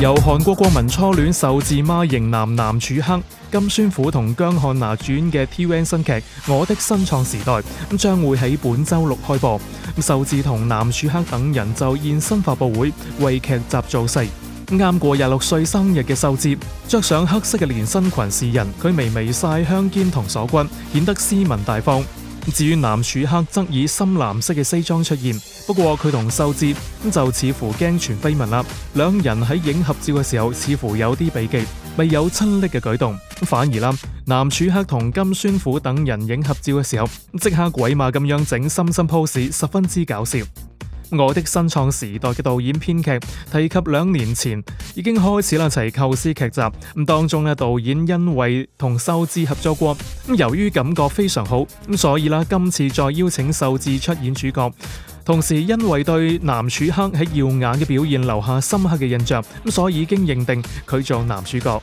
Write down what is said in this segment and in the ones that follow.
由韓國國民初戀秀智、馬型男、南柱赫、金宣虎同姜漢娜主演嘅 tvN 新劇《我的新創時代》咁將會喺本周六開播。咁秀智同南柱赫等人就現身發布會為劇集造勢。啱過廿六歲生日嘅秀智，着上黑色嘅連身裙示人，佢微微晒香肩同鎖骨，顯得斯文大方。至於南柱赫則以深藍色嘅西裝出現，不過佢同秀智咁就似乎驚傳緋聞啦。兩人喺影合照嘅時候，似乎有啲避忌，未有親昵嘅舉動。反而啦，南柱赫同金宣虎等人影合照嘅時候，即刻鬼馬咁樣整深深 pose，十分之搞笑。我的新創時代嘅導演編劇，提及兩年前已經開始啦，齊構思劇集。咁當中嘅導演因為同秀智合作過，咁由於感覺非常好，咁所以啦，今次再邀請秀智出演主角。同時因為對南柱赫喺耀眼嘅表現留下深刻嘅印象，咁所以已經認定佢做男主角。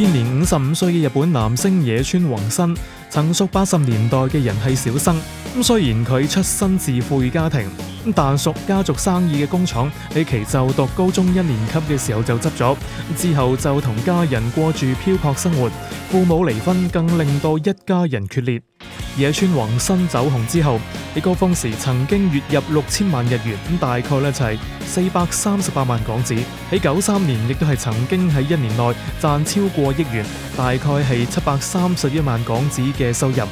今年五十五歲嘅日本男星野村宏生，曾屬八十年代嘅人氣小生。咁雖然佢出身自富裕家庭，但屬家族生意嘅工廠，喺其就讀高中一年級嘅時候就執咗，之後就同家人過住漂泊生活。父母離婚更令到一家人決裂。而野村宏新走紅之後，喺高峰時曾經月入六千萬日元，咁大概咧就係四百三十八萬港紙。喺九三年亦都係曾經喺一年內賺超過億元，大概係七百三十一萬港紙嘅收入。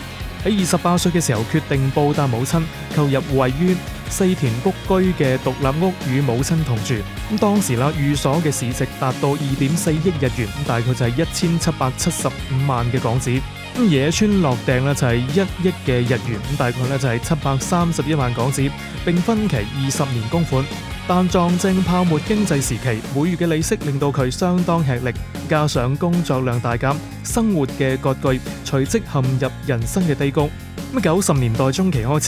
喺二十八歲嘅時候決定報答母親，購入位於世田谷區嘅獨立屋與母親同住。咁當時啦，寓所嘅市值達到二點四億日元，大概就係一千七百七十五萬嘅港紙。野村落訂咧就係一億嘅日元，咁大概咧就係七百三十一萬港紙，並分期二十年供款。但撞正泡沫經濟時期，每月嘅利息令到佢相當吃力，加上工作量大減，生活嘅拮據，隨即陷入人生嘅低谷。咁九十年代中期開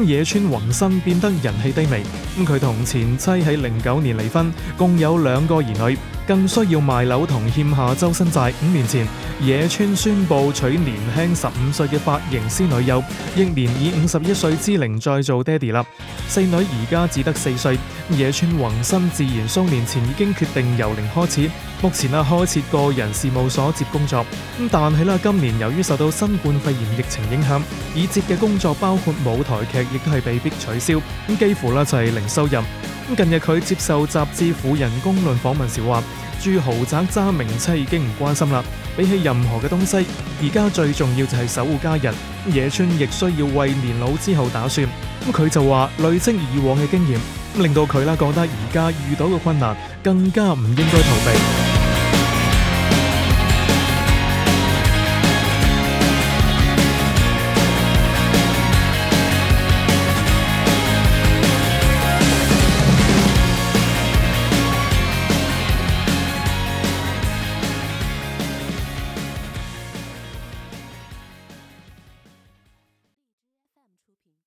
始，野村宏伸變得人氣低微。咁佢同前妻喺零九年離婚，共有兩個兒女。更需要賣樓同欠下周身債。五年前，野村宣布娶年輕十五歲嘅髮型師女友，翌年以五十一歲之齡再做爹哋啦。四女而家只得四歲，野村宏伸自然數年前已經決定由零開始。目前啊，開設個人事務所接工作。咁但係啦，今年由於受到新冠肺炎疫情影響，已接嘅工作包括舞台劇亦都係被迫取消，咁幾乎啦就係零收入。咁近日佢接受雜誌《婦人公論》訪問時話，住豪宅揸名車已經唔關心啦，比起任何嘅東西，而家最重要就係守護家人。野村亦需要為年老之後打算，咁佢就話累積以往嘅經驗，令到佢啦覺得而家遇到嘅困難更加唔應該逃避。